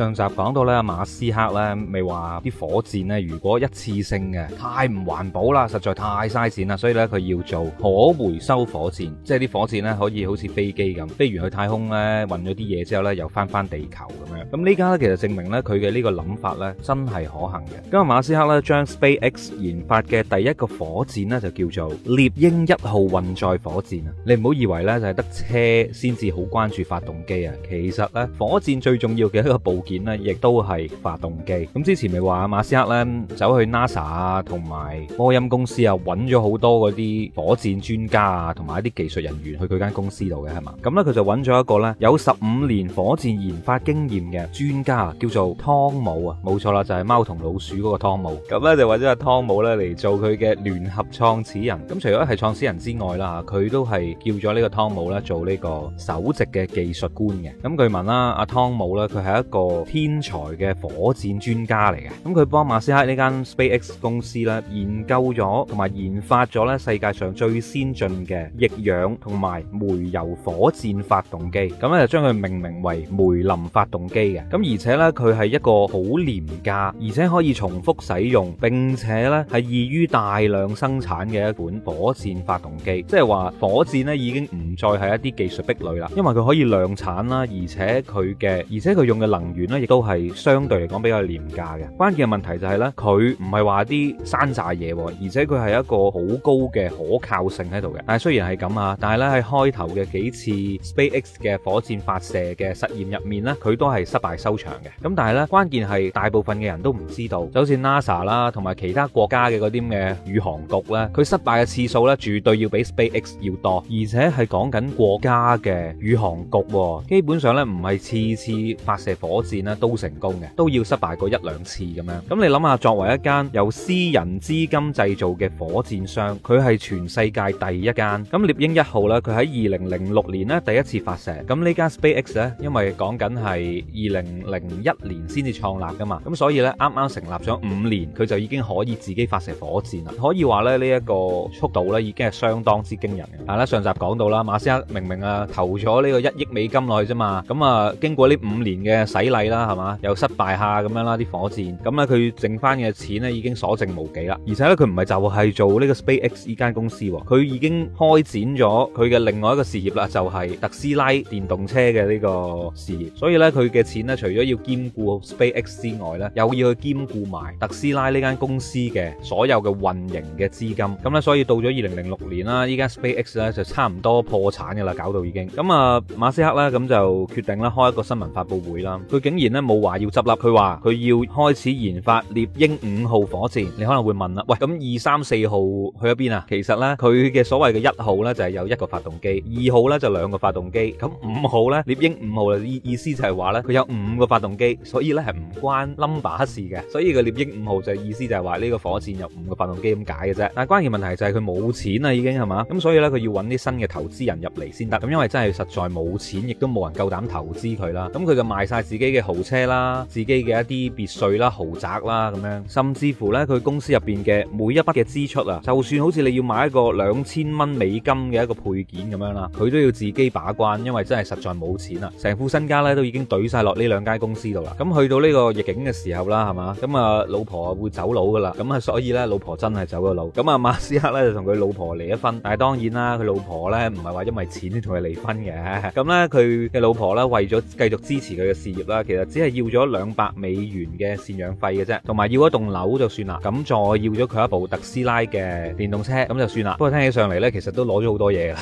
上集講到咧，馬斯克咧咪話啲火箭咧，如果一次性嘅太唔環保啦，實在太嘥錢啦，所以咧佢要做可回收火箭，即係啲火箭咧可以好似飛機咁飛完去太空咧運咗啲嘢之後咧又翻翻地球咁樣。咁呢家咧其實證明咧佢嘅呢個諗法咧真係可行嘅。今日馬斯克咧將 SpaceX 研發嘅第一個火箭咧就叫做獵鷹一號運載火箭啊！你唔好以為咧就係得車先至好關注發動機啊，其實咧火箭最重要嘅一個部件。件咧，亦都係發動機。咁之前咪話阿馬斯克咧走去 NASA 啊，同埋波音公司啊，揾咗好多嗰啲火箭專家啊，同埋一啲技術人員去佢間公司度嘅，係嘛？咁咧佢就揾咗一個咧有十五年火箭研發經驗嘅專家，叫做湯姆啊，冇錯啦，就係貓同老鼠嗰個湯姆。咁咧就揾咗阿湯姆咧嚟做佢嘅聯合創始人。咁除咗係創始人之外啦，佢都係叫咗呢個湯姆咧做呢個首席嘅技術官嘅。咁據聞啦，阿湯姆咧佢係一個，天才嘅火箭專家嚟嘅，咁佢幫馬斯克呢間 SpaceX 公司咧研究咗同埋研發咗咧世界上最先進嘅液氧同埋煤油火箭發動機，咁咧就將佢命名為梅林發動機嘅，咁而且咧佢係一個好廉價而且可以重複使用並且咧係易於大量生產嘅一款火箭發動機，即係話火箭咧已經唔再係一啲技術壁壘啦，因為佢可以量產啦，而且佢嘅而且佢用嘅能源。源咧亦都係相對嚟講比較廉價嘅，關鍵嘅問題就係咧，佢唔係話啲山寨嘢，而且佢係一個好高嘅可靠性喺度嘅。但係雖然係咁啊，但係咧喺開頭嘅幾次 SpaceX 嘅火箭發射嘅實驗入面咧，佢都係失敗收場嘅。咁但係咧，關鍵係大部分嘅人都唔知道，就好似 NASA 啦，同埋其他國家嘅嗰啲嘅宇航局咧，佢失敗嘅次數咧，絕對要比 SpaceX 要多，而且係講緊國家嘅宇航局，基本上咧唔係次次發射火箭。咧都成功嘅，都要失敗過一兩次咁樣。咁你諗下，作為一間由私人資金製造嘅火箭商，佢係全世界第一間。咁獵鷹一號咧，佢喺二零零六年咧第一次發射。咁呢間 SpaceX 咧，因為講緊係二零零一年先至創立噶嘛，咁所以咧啱啱成立咗五年，佢就已經可以自己發射火箭啦。可以話咧呢一個速度咧，已經係相當之驚人嘅。但係咧上集講到啦，馬斯克明明啊投咗呢個一億美金落去啫嘛，咁啊經過呢五年嘅洗禮。啦，係嘛、啊，又失敗下咁樣啦，啲火箭咁咧，佢剩返嘅錢咧已經所剩無幾啦。而且咧，佢唔係就係做呢個 SpaceX 呢間公司，佢已經開展咗佢嘅另外一個事業啦，就係、是、特斯拉電動車嘅呢個事業。所以咧，佢嘅錢咧，除咗要兼顧 SpaceX 之外咧，又要去兼顧埋特斯拉呢間公司嘅所有嘅運營嘅資金。咁咧，所以到咗二零零六年啦，家 Space X 呢間 SpaceX 咧就差唔多破產㗎啦，搞到已經。咁啊，馬斯克咧咁就決定啦，開一個新聞發佈會啦，竟然咧冇話要執笠，佢話佢要開始研發獵鷹五號火箭。你可能會問啦，喂，咁二三四號去咗邊啊？其實咧，佢嘅所謂嘅一號咧就係有一個發動機，二號咧就兩個發動機，咁五號咧獵鷹五號意思就係話咧佢有五個發動機，所以咧係唔關 number 事嘅。所以個獵鷹五號就意思就係話呢個火箭有五個發動機咁解嘅啫。但係關鍵問題就係佢冇錢啊，已經係嘛？咁所以咧佢要搵啲新嘅投資人入嚟先得。咁因為真係實在冇錢，亦都冇人夠膽投資佢啦。咁佢就賣晒自己嘅。豪車啦，自己嘅一啲別墅啦、豪宅啦咁樣，甚至乎呢，佢公司入邊嘅每一筆嘅支出啊，就算好似你要買一個兩千蚊美金嘅一個配件咁樣啦，佢都要自己把關，因為真係實在冇錢啊，成副身家呢，都已經懟晒落呢兩間公司度啦。咁去到呢個逆境嘅時候啦，係嘛？咁啊老婆會走佬噶啦，咁啊所以呢，老婆真係走咗佬，咁啊馬斯克呢，就同佢老婆離咗婚，但係當然啦，佢老婆呢，唔係話因為錢同佢離婚嘅，咁呢，佢嘅老婆呢，為咗繼續支持佢嘅事業啦。其實只係要咗兩百美元嘅贍養費嘅啫，同埋要一棟樓就算啦。咁再要咗佢一部特斯拉嘅電動車，咁就算啦。不過聽起上嚟咧，其實都攞咗好多嘢啦。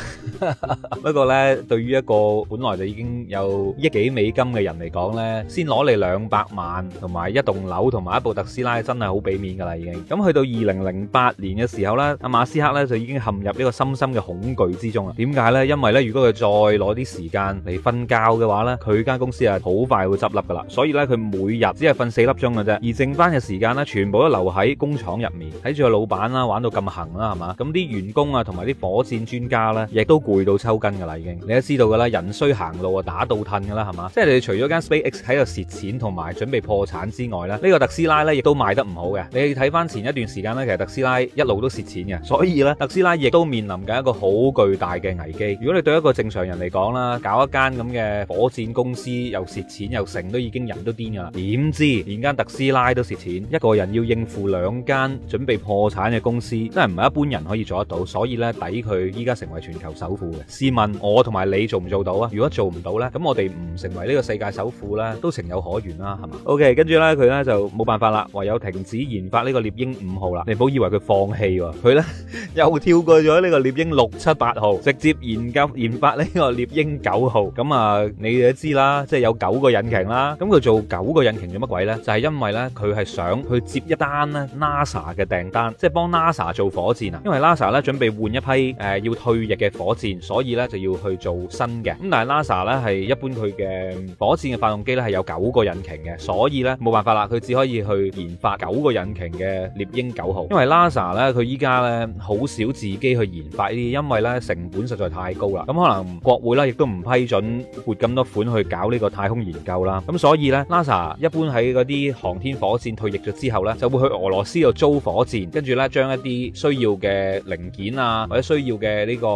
不過咧，對於一個本來就已經有億幾美金嘅人嚟講咧，先攞你兩百萬，同埋一棟樓，同埋一部特斯拉，真係好俾面噶啦，已經。咁去到二零零八年嘅時候咧，阿馬斯克咧就已經陷入呢個深深嘅恐懼之中啦。點解咧？因為咧，如果佢再攞啲時間嚟瞓覺嘅話咧，佢間公司係好快會執笠。所以咧佢每日只係瞓四粒鐘嘅啫，而剩翻嘅時間咧，全部都留喺工廠入面，睇住個老闆啦，玩到咁行啦，係嘛？咁啲員工啊，同埋啲火箭專家咧，亦都攰到抽筋噶啦，已經。你都知道噶啦，人衰行路啊，打倒褪噶啦，係嘛？即係你除咗間 SpaceX 喺度蝕錢同埋準備破產之外咧，呢、這個特斯拉咧亦都賣得唔好嘅。你睇翻前一段時間咧，其實特斯拉一路都蝕錢嘅，所以咧特斯拉亦都面臨緊一個好巨大嘅危機。如果你對一個正常人嚟講啦，搞一間咁嘅火箭公司又蝕錢又成。都已經人都癲噶啦，點知連間特斯拉都蝕錢，一個人要應付兩間準備破產嘅公司，真係唔係一般人可以做得到。所以咧，抵佢依家成為全球首富嘅。試問我同埋你做唔做到啊？如果做唔到咧，咁我哋唔成為呢個世界首富咧，都情有可原啦，係嘛？OK，跟住咧，佢咧就冇辦法啦，唯有停止研發呢個獵鷹五號啦。你唔好以為佢放棄、哦，佢咧 又跳過咗呢個獵鷹六七八號，直接研究研發呢個獵鷹九號。咁啊，你哋都知啦，即係有九個引擎、嗯。啦，咁佢做九個引擎做乜鬼呢？就係、是、因為呢，佢係想去接一單呢 NASA 嘅訂單，即係幫 NASA 做火箭啊。因為 NASA 呢準備換一批誒、呃、要退役嘅火箭，所以呢就要去做新嘅。咁但係 NASA 呢，係一般佢嘅火箭嘅發動機呢，係有九個引擎嘅，所以呢冇辦法啦，佢只可以去研發九個引擎嘅獵鷹九號。因為 NASA 呢，佢依家呢好少自己去研發呢啲，因為呢成本實在太高啦。咁可能國會呢，亦都唔批准撥咁多款去搞呢個太空研究啦。咁所以咧，NASA 一般喺嗰啲航天火箭退役咗之後咧，就會去俄羅斯度租火箭，跟住咧將一啲需要嘅零件啊，或者需要嘅呢個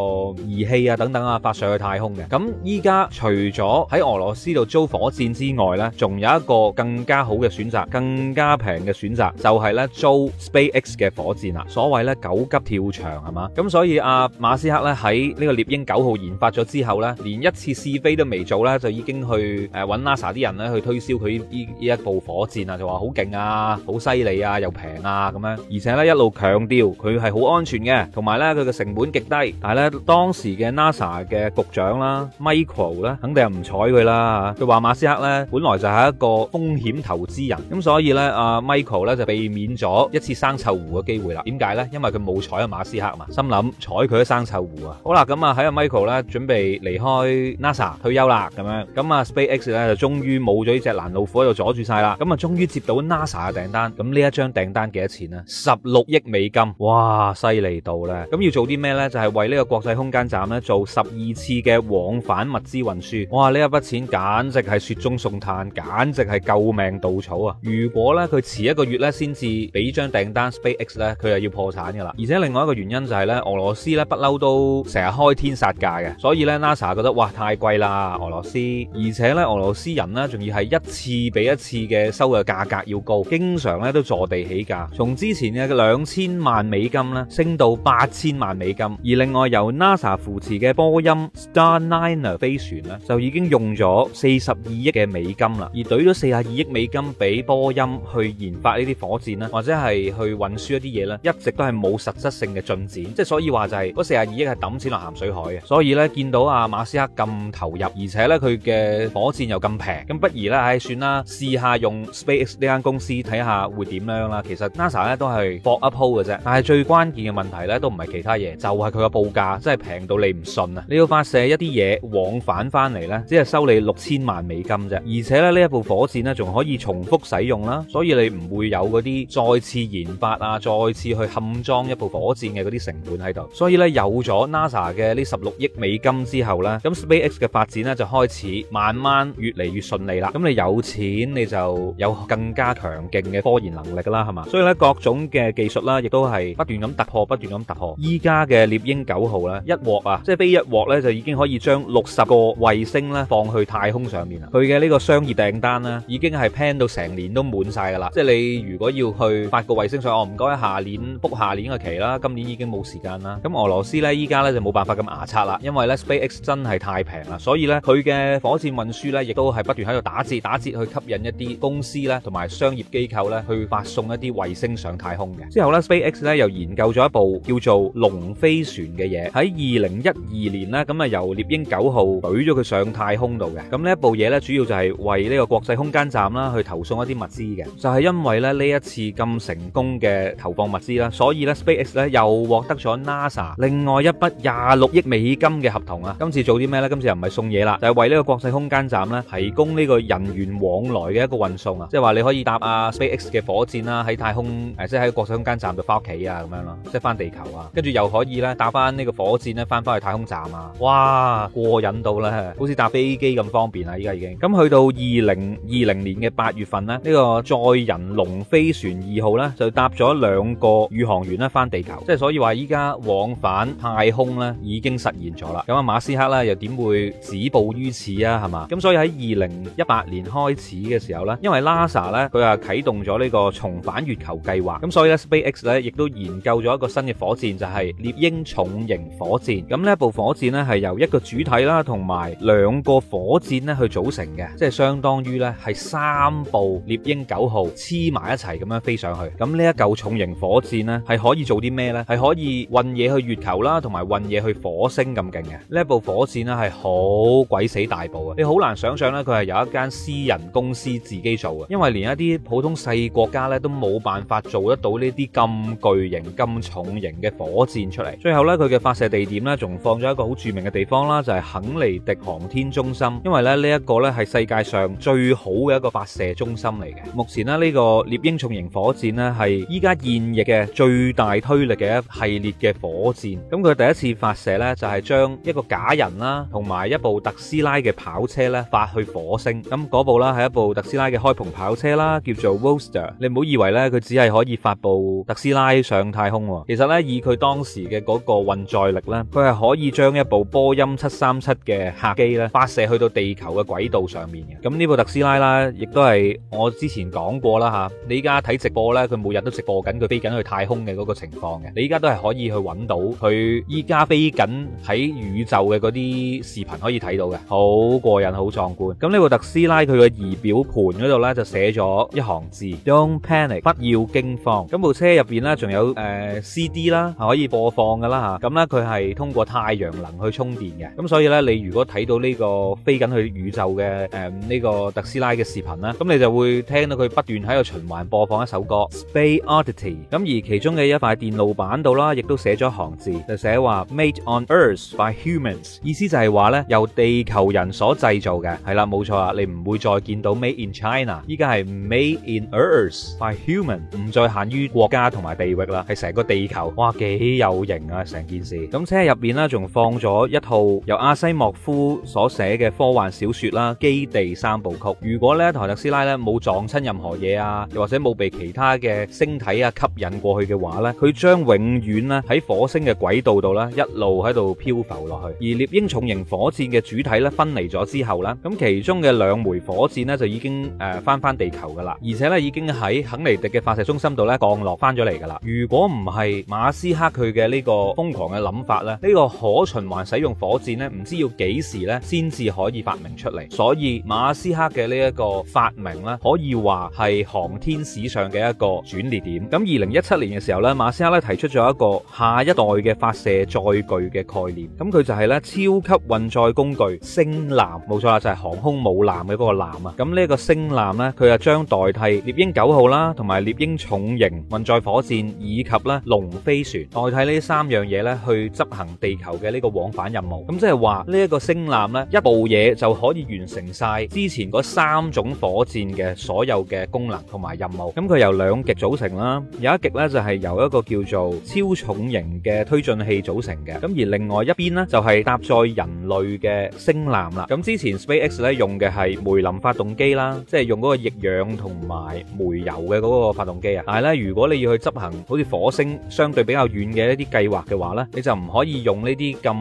儀器啊等等啊發上去太空嘅。咁依家除咗喺俄羅斯度租火箭之外咧，仲有一個更加好嘅選擇，更加平嘅選擇，就係、是、咧租 SpaceX 嘅火箭啦。所謂咧九急跳牆係嘛？咁所以阿、啊、馬斯克咧喺呢個獵鷹九號研發咗之後咧，連一次試飛都未做咧，就已經去誒揾、呃、NASA 啲人。咧去推銷佢呢呢一部火箭啊，就話好勁啊，好犀利啊，又平啊咁樣，而且咧一路強調佢係好安全嘅，同埋咧佢嘅成本極低。但係咧當時嘅 NASA 嘅局長啦，Michael 咧，肯定係唔睬佢啦。佢話馬斯克咧本來就係一個風險投資人，咁所以咧阿 Michael 咧就避免咗一次生臭狐嘅機會啦。點解咧？因為佢冇睬阿馬斯克啊嘛，心諗睬佢都生臭狐啊。好啦，咁啊喺阿 Michael 咧準備離開 NASA 退休啦，咁樣咁啊 SpaceX 咧就終於。冇咗呢隻攔路虎喺度阻住晒啦，咁啊，終於接到 NASA 嘅訂單，咁呢一張訂單幾多錢啊？十六億美金，哇，犀利到咧！咁要做啲咩呢？就係為呢個國際空間站咧做十二次嘅往返物資運輸，哇！呢一筆錢簡直係雪中送炭，簡直係救命稻草啊！如果咧佢遲一個月咧先至俾呢張訂單 SpaceX 咧，佢又要破產噶啦！而且另外一個原因就係咧，俄羅斯咧不嬲都成日開天殺價嘅，所以咧 NASA 覺得哇，太貴啦俄羅斯，而且咧俄羅斯人咧。仲要係一次比一次嘅收嘅價格要高，經常咧都坐地起價，從之前嘅兩千萬美金咧，升到八千萬美金。而另外由 NASA 扶持嘅波音 Starliner 飛船咧，就已經用咗四十二億嘅美金啦。而攢咗四十二億美金俾波音去研發呢啲火箭啦，或者係去運輸一啲嘢咧，一直都係冇實質性嘅進展。即係所以話就係嗰四十二億係抌錢落鹹水海嘅。所以咧見到阿馬斯克咁投入，而且咧佢嘅火箭又咁平咁。不如啦，唉，算啦，試下用 SpaceX 呢間公司睇下會點樣啦。其實 NASA 咧都係搏一鋪嘅啫，但係最關鍵嘅問題咧都唔係其他嘢，就係佢嘅報價真係平到你唔信啊！你要發射一啲嘢往返翻嚟咧，只係收你六千萬美金啫。而且咧呢一部火箭咧仲可以重複使用啦，所以你唔會有嗰啲再次研發啊、再次去冚裝一部火箭嘅嗰啲成本喺度。所以咧有咗 NASA 嘅呢十六億美金之後咧，咁 SpaceX 嘅發展咧就開始慢慢越嚟越順利。係啦，咁你有錢你就有更加強勁嘅科研能力啦，係嘛？所以咧，各種嘅技術啦，亦都係不斷咁突破，不斷咁突破。依家嘅獵鷹九號咧，一鑊啊，即係飛一鑊咧，就已經可以將六十個衛星咧放去太空上面啦。佢嘅呢個商業訂單咧，已經係 plan 到成年都滿曬噶啦。即係你如果要去發個衛星上去，哦唔該，下年 book 下年嘅期啦，今年已經冇時間啦。咁俄羅斯咧，依家咧就冇辦法咁牙擦啦，因為咧 SpaceX 真係太平啦，所以咧佢嘅火箭運輸咧，亦都係不斷喺度。打折，打折去吸引一啲公司咧，同埋商業機構咧，去發送一啲衛星上太空嘅。之後咧，SpaceX 咧又研究咗一部叫做龍飛船嘅嘢，喺二零一二年咧，咁啊由獵鷹九號㨃咗佢上太空度嘅。咁呢一部嘢咧，主要就係為呢個國際空間站啦，去投送一啲物資嘅。就係因為咧呢一次咁成功嘅投放物資啦，所以咧 SpaceX 咧又獲得咗 NASA 另外一筆廿六億美金嘅合同啊。今次做啲咩咧？今次又唔係送嘢啦，就係為呢個國際空間站咧提供呢。呢個人員往來嘅一個運送啊，即係話你可以搭啊 SpaceX 嘅火箭啦，啊，喺太空誒，即係喺國際空間站度翻屋企啊，咁樣咯，即係翻地球啊，跟住又可以咧搭翻呢個火箭咧翻翻去太空站啊，哇，過癮到咧，好似搭飛機咁方便啊！依家已經咁去到二零二零年嘅八月份呢，呢個載人龍飛船二號咧就搭咗兩個宇航員咧翻地球，即係所以話依家往返太空咧已經實現咗啦。咁啊，馬斯克咧又點會止步於此啊？係嘛？咁所以喺二零18年開始的時候，因為 NASA，他啟動了這個重返月球計劃，所以 SpaceX 也研究了一個新的火箭，就是獵鷹重型火箭，這部火箭是由一個主體和兩個火箭去組成的，即係相當於是三部獵鷹9號黐埋一齊噉樣飛上去，這部重型火箭是可以做啲咩呢？是可以運嘢去月球和運嘢去火星這麼厲害。這部火箭是很鬼死大部，你很難想象它是一間私人公司自己做嘅，因為連一啲普通細國家咧都冇辦法做得到呢啲咁巨型、咁重型嘅火箭出嚟。最後咧，佢嘅發射地點咧仲放咗一個好著名嘅地方啦，就係肯尼迪航天中心，因為咧呢一個咧係世界上最好嘅一個發射中心嚟嘅。目前咧呢個獵鷹重型火箭咧係依家現役嘅最大推力嘅一系列嘅火箭。咁佢第一次發射咧就係將一個假人啦，同埋一部特斯拉嘅跑車咧發去火星。咁嗰部啦，係一部特斯拉嘅開篷跑車啦，叫做 Roadster。你唔好以為呢，佢只係可以發布特斯拉上太空。其實呢，以佢當時嘅嗰個運載力咧，佢係可以將一部波音七三七嘅客機呢，發射去到地球嘅軌道上面嘅。咁呢部特斯拉啦，亦都係我之前講過啦吓，啊。你依家睇直播呢，佢每日都直播緊佢飛緊去太空嘅嗰個情況嘅。你依家都係可以去揾到佢依家飛緊喺宇宙嘅嗰啲視頻可以睇到嘅，好過癮，好壯觀。咁呢部特，特斯拉佢嘅儀表盤度咧就寫咗一行字：Don't panic，不要驚慌。咁部車入邊咧仲有誒、呃、CD 啦，係可以播放噶啦吓。咁咧佢係通過太陽能去充電嘅。咁所以咧，你如果睇到呢、呢個飛緊去宇宙嘅誒呢個特斯拉嘅視頻啦，咁你就會聽到佢不斷喺度循環播放一首歌《Space Oddity》。咁而其中嘅一塊電路板度啦，亦都寫咗一行字，就寫話：Made on Earth by humans，意思就係話咧由地球人所製造嘅。係啦，冇錯啊。你唔會再見到 Made in China，依家係 Made in Earth by Human，唔再限於國家同埋地域啦，係成個地球，哇幾有型啊！成件事，咁車入邊咧，仲放咗一套由阿西莫夫所寫嘅科幻小説啦，《基地三部曲》。如果咧，台特斯拉咧冇撞親任何嘢啊，又或者冇被其他嘅星體啊吸引過去嘅話咧，佢將永遠咧喺火星嘅軌道度咧一路喺度漂浮落去。而獵鷹重型火箭嘅主體咧分離咗之後咧，咁其中嘅兩兩枚火箭咧就已經誒翻翻地球噶啦，而且咧已經喺肯尼迪嘅發射中心度咧降落翻咗嚟噶啦。如果唔係馬斯克佢嘅呢個瘋狂嘅諗法咧，呢個可循環使用火箭咧，唔知要幾時咧先至可以發明出嚟。所以馬斯克嘅呢一個發明咧，可以話係航天史上嘅一個轉捩點。咁二零一七年嘅時候咧，馬斯克咧提出咗一個下一代嘅發射載具嘅概念，咁佢就係咧超級運載工具星艦，冇錯啦，就係航空母艦。藍嘅嗰個艦啊，咁呢一個星艦咧，佢就將代替獵鷹九號啦，同埋獵鷹重型運載火箭以及咧龍飛船，代替呢三樣嘢，咧去執行地球嘅呢個往返任務。咁即係話呢一個星艦咧一部嘢就可以完成晒之前嗰三種火箭嘅所有嘅功能同埋任務。咁佢由兩極組成啦，有一極咧就係由一個叫做超重型嘅推進器組成嘅，咁而另外一邊咧就係搭載人類嘅星艦啦。咁之前 SpaceX 咧用嘅。係梅林發動機啦，即係用嗰個液氧同埋煤油嘅嗰個發動機啊。但係咧，如果你要去執行好似火星相對比較遠嘅一啲計劃嘅話咧，你就唔可以用呢啲咁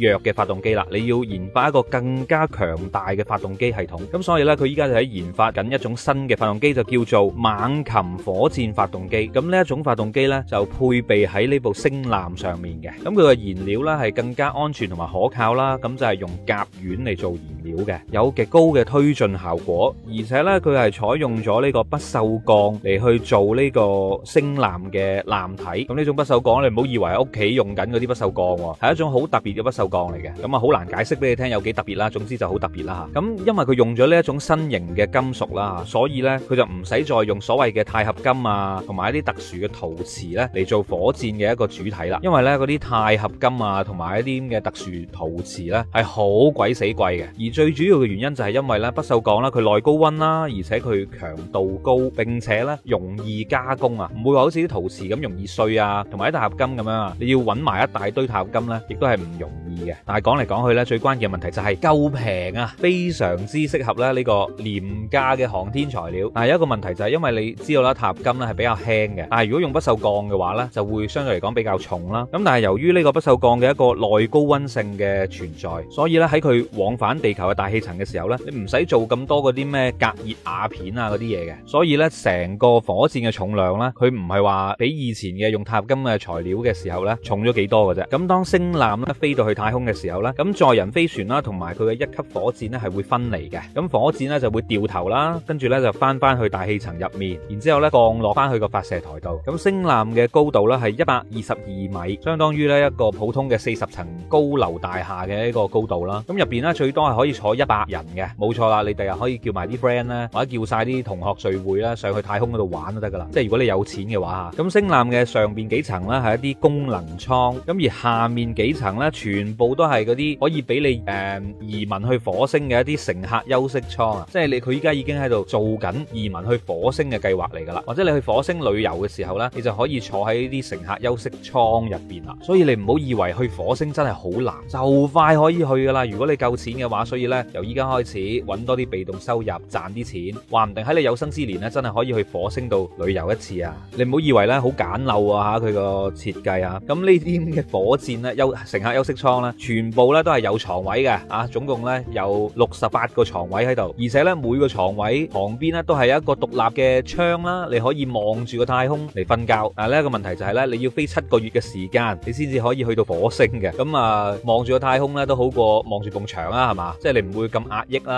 弱嘅發動機啦。你要研發一個更加強大嘅發動機系統。咁所以咧，佢依家就喺研發緊一種新嘅發動機，就叫做猛禽火箭發動機。咁呢一種發動機咧，就配備喺呢部星艦上面嘅。咁佢嘅燃料咧係更加安全同埋可靠啦。咁就係用甲烷嚟做燃料嘅，有極高嘅推進效果，而且咧佢係採用咗呢個不鏽鋼嚟去做呢個星艦嘅艦體。咁呢種不鏽鋼你唔好以為屋企用緊嗰啲不鏽鋼，係一種好特別嘅不鏽鋼嚟嘅。咁啊，好難解釋俾你聽有幾特別啦。總之就好特別啦嚇。咁因為佢用咗呢一種新型嘅金屬啦，所以咧佢就唔使再用所謂嘅鈦合金啊，同埋一啲特殊嘅陶瓷咧嚟做火箭嘅一個主體啦。因為咧嗰啲鈦合金啊，同埋一啲咁嘅特殊陶瓷咧係好鬼死貴嘅。而最主要嘅原因就係一。因為咧不鏽鋼啦，佢耐高温啦，而且佢強度高，並且咧容易加工啊，唔會話好似啲陶瓷咁容易碎啊，同埋啲鈦合金咁樣啊，你要揾埋一大堆鈦合金咧，亦都係唔容易嘅。但係講嚟講去咧，最關鍵嘅問題就係夠平啊，非常之適合咧呢個廉價嘅航天材料。但係有一個問題就係、是，因為你知道啦，鈦合金咧係比較輕嘅，但係如果用不鏽鋼嘅話咧，就會相對嚟講比較重啦。咁但係由於呢個不鏽鋼嘅一個耐高温性嘅存在，所以咧喺佢往返地球嘅大氣層嘅時候咧。你唔使做咁多嗰啲咩隔熱瓦片啊嗰啲嘢嘅，所以咧成個火箭嘅重量咧，佢唔係話比以前嘅用鈦合金嘅材料嘅時候咧重咗幾多嘅啫。咁當星艦咧飛到去太空嘅時候咧，咁載人飛船啦同埋佢嘅一級火箭咧係會分離嘅，咁火箭咧就會掉頭啦，跟住咧就翻翻去大氣層入面，然之後咧降落翻去個發射台度。咁星艦嘅高度咧係一百二十二米，相當於咧一個普通嘅四十層高樓大廈嘅一個高度啦。咁入邊咧最多係可以坐一百人嘅。冇錯啦，你第日可以叫埋啲 friend 咧，或者叫晒啲同學聚會啦，上去太空嗰度玩都得噶啦。即係如果你有錢嘅話嚇，咁星艦嘅上邊幾層咧係一啲功能艙，咁而下面幾層咧全部都係嗰啲可以俾你誒、呃、移民去火星嘅一啲乘客休息艙啊。即係你佢依家已經喺度做緊移民去火星嘅計劃嚟噶啦，或者你去火星旅遊嘅時候咧，你就可以坐喺呢啲乘客休息艙入邊啦。所以你唔好以為去火星真係好難，就快可以去噶啦。如果你夠錢嘅話，所以咧由依家開始。揾多啲被動收入賺啲錢，話唔定喺你有生之年咧，真係可以去火星度旅遊一次啊！你唔好以為呢好簡陋啊，佢個設計啊，咁呢啲嘅火箭呢，休乘客休息艙咧，全部呢都係有床位嘅啊，總共呢，有六十八個床位喺度，而且呢，每個床位旁邊呢都係有一個獨立嘅窗，啦你可以望住個太空嚟瞓覺。啊，呢一個問題就係呢，你要飛七個月嘅時間，你先至可以去到火星嘅。咁啊，望住個太空呢都好過望住埲牆，啦係嘛？即係你唔會咁壓抑啦。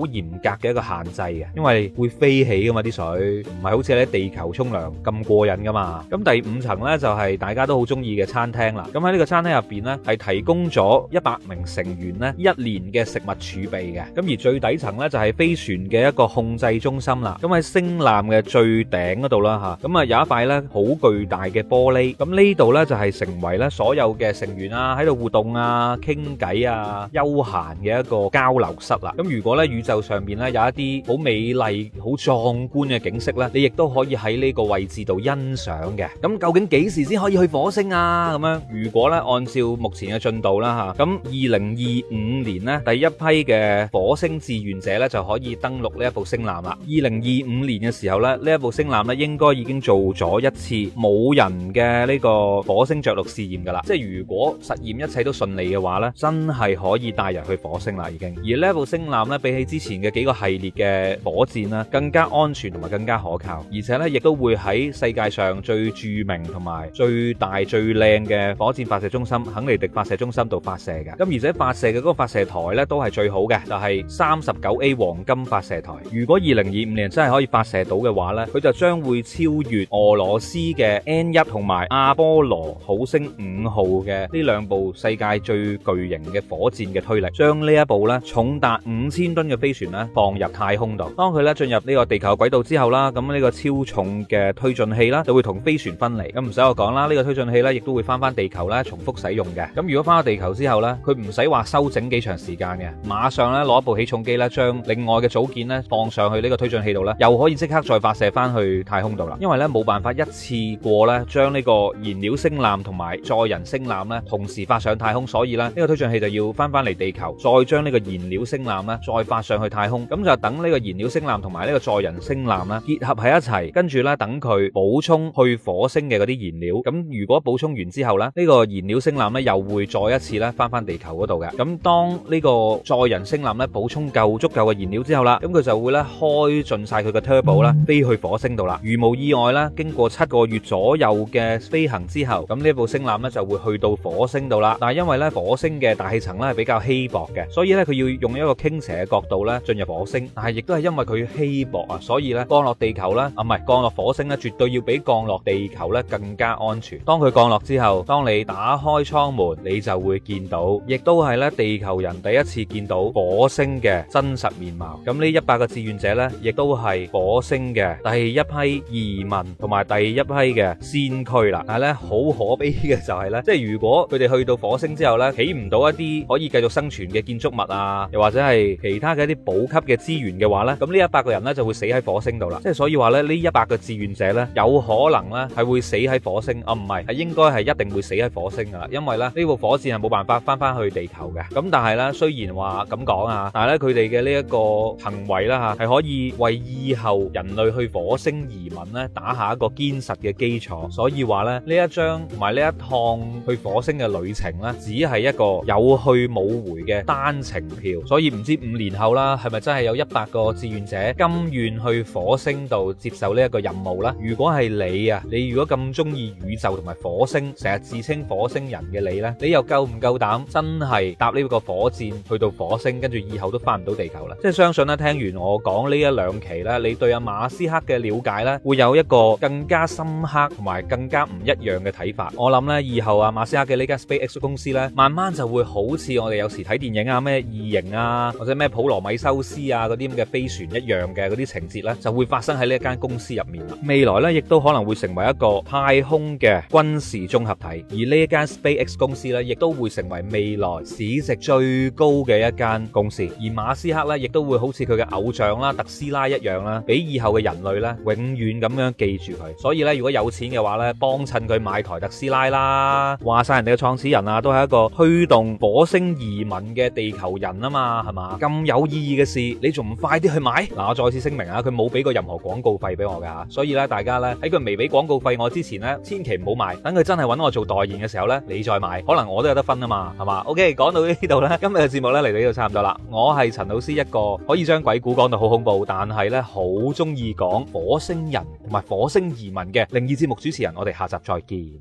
好嚴格嘅一個限制嘅，因為水水會飛起噶嘛啲水，唔係好似喺地球沖涼咁過癮噶嘛。咁第五層呢，就係、是、大家都好中意嘅餐廳啦。咁喺呢個餐廳入邊呢，係提供咗一百名成員呢一年嘅食物儲備嘅。咁而最底層呢，就係、是、飛船嘅一個控制中心啦。咁喺星艦嘅最頂嗰度啦吓，咁啊有一塊呢，好巨大嘅玻璃。咁呢度呢，就係、是、成為呢所有嘅成員啊喺度互動啊、傾偈啊、休閒嘅一個交流室啦。咁如果呢。就上邊咧有一啲好美麗、好壯觀嘅景色咧，你亦都可以喺呢個位置度欣賞嘅。咁究竟幾時先可以去火星啊？咁樣如果咧按照目前嘅進度啦吓，咁二零二五年咧第一批嘅火星志願者咧就可以登陸呢一部星艦啦。二零二五年嘅時候咧，呢一部星艦咧應該已經做咗一次冇人嘅呢個火星着陸試驗噶啦。即係如果實驗一切都順利嘅話咧，真係可以帶人去火星啦已經。而呢部星艦咧比起之前嘅幾個系列嘅火箭啦，更加安全同埋更加可靠，而且咧亦都會喺世界上最著名同埋最大最靚嘅火箭發射中心肯尼迪發射中心度發射嘅。咁而且發射嘅嗰個發射台咧都係最好嘅，就係三十九 A 黃金發射台。如果二零二五年真係可以發射到嘅話咧，佢就將會超越俄羅斯嘅 N 一同埋阿波羅土星五號嘅呢兩部世界最巨型嘅火箭嘅推力，將呢一部咧重達五千噸嘅飛船咧放入太空度，當佢咧進入呢個地球嘅軌道之後啦，咁呢個超重嘅推進器啦就會同飛船分離，咁唔使我講啦，呢個推進器咧亦都會翻翻地球咧重複使用嘅。咁如果翻到地球之後咧，佢唔使話修整幾長時間嘅，馬上咧攞一部起重機咧將另外嘅組件咧放上去呢個推進器度咧，又可以即刻再發射翻去太空度啦。因為咧冇辦法一次過咧將呢個燃料星艦同埋載人星艦咧同時發上太空，所以咧呢個推進器就要翻翻嚟地球，再將呢個燃料星艦咧再發上去太空，咁就等呢個燃料星艦同埋呢個載人星艦啦結合喺一齊，跟住咧等佢補充去火星嘅嗰啲燃料。咁如果補充完之後咧，呢個燃料星艦咧又會再一次咧翻翻地球嗰度嘅。咁當呢個載人星艦咧補充夠足夠嘅燃料之後啦，咁佢就會咧開盡晒佢嘅 Turbo 啦，飛去火星度啦。如無意外啦，經過七個月左右嘅飛行之後，咁呢部星艦咧就會去到火星度啦。但係因為咧火星嘅大氣層咧係比較稀薄嘅，所以咧佢要用一個傾斜嘅角度。咧進入火星，但係亦都係因為佢稀薄啊，所以咧降落地球咧啊，唔係降落火星咧，絕對要比降落地球咧更加安全。當佢降落之後，當你打開艙門，你就會見到，亦都係咧地球人第一次見到火星嘅真實面貌。咁呢一百個志願者咧，亦都係火星嘅第一批移民同埋第一批嘅先驅啦。但係咧，好可悲嘅就係咧，即係如果佢哋去到火星之後咧，起唔到一啲可以繼續生存嘅建築物啊，又或者係其他嘅。啲補給嘅資源嘅話咧，咁呢一百個人咧就會死喺火星度啦。即係所以話咧，呢一百個志願者咧，有可能咧係會死喺火星啊，唔係，係應該係一定會死喺火星噶啦。因為咧呢部火箭係冇辦法翻翻去地球嘅。咁但係咧，雖然話咁講啊，但係咧佢哋嘅呢一個行為啦吓，係可以為以後人類去火星移民咧打下一個堅實嘅基礎。所以話咧呢一張同埋呢一趟去火星嘅旅程咧，只係一個有去冇回嘅單程票。所以唔知五年後啦。啊，係咪真係有一百個志願者甘願去火星度接受呢一個任務咧？如果係你啊，你如果咁中意宇宙同埋火星，成日自稱火星人嘅你呢，你又夠唔夠膽真係搭呢個火箭去到火星，跟住以後都翻唔到地球啦？即係相信呢，聽完我講呢一兩期咧，你對阿馬斯克嘅了解呢，會有一個更加深刻同埋更加唔一樣嘅睇法。我諗呢，以後啊，馬斯克嘅呢間 SpaceX 公司呢，慢慢就會好似我哋有時睇電影啊，咩異形啊，或者咩普羅米米修斯啊，啲咁嘅飛船一樣嘅嗰啲情節咧，就會發生喺呢一間公司入面啦，未來咧，亦都可能會成為一個太空嘅軍事綜合體，而呢一間 SpaceX 公司咧，亦都會成為未來市值最高嘅一間公司。而馬斯克咧，亦都會好似佢嘅偶像啦，特斯拉一樣啦，俾以後嘅人類咧，永遠咁樣記住佢。所以咧，如果有錢嘅話咧，幫襯佢買台特斯拉啦，話晒人哋嘅創始人啊，都係一個推動火星移民嘅地球人啊嘛，係嘛？咁有意。二嘅事，你仲唔快啲去買？嗱，我再次聲明啊，佢冇俾過任何廣告費俾我噶吓，所以咧，大家咧喺佢未俾廣告費我之前咧，千祈唔好買，等佢真係揾我做代言嘅時候咧，你再買，可能我都有得分啊嘛，係嘛？OK，講到呢度咧，今日嘅節目咧嚟到呢度差唔多啦。我係陳老師，一個可以將鬼故講到好恐怖，但係咧好中意講火星人同埋火星移民嘅靈異節目主持人。我哋下集再見。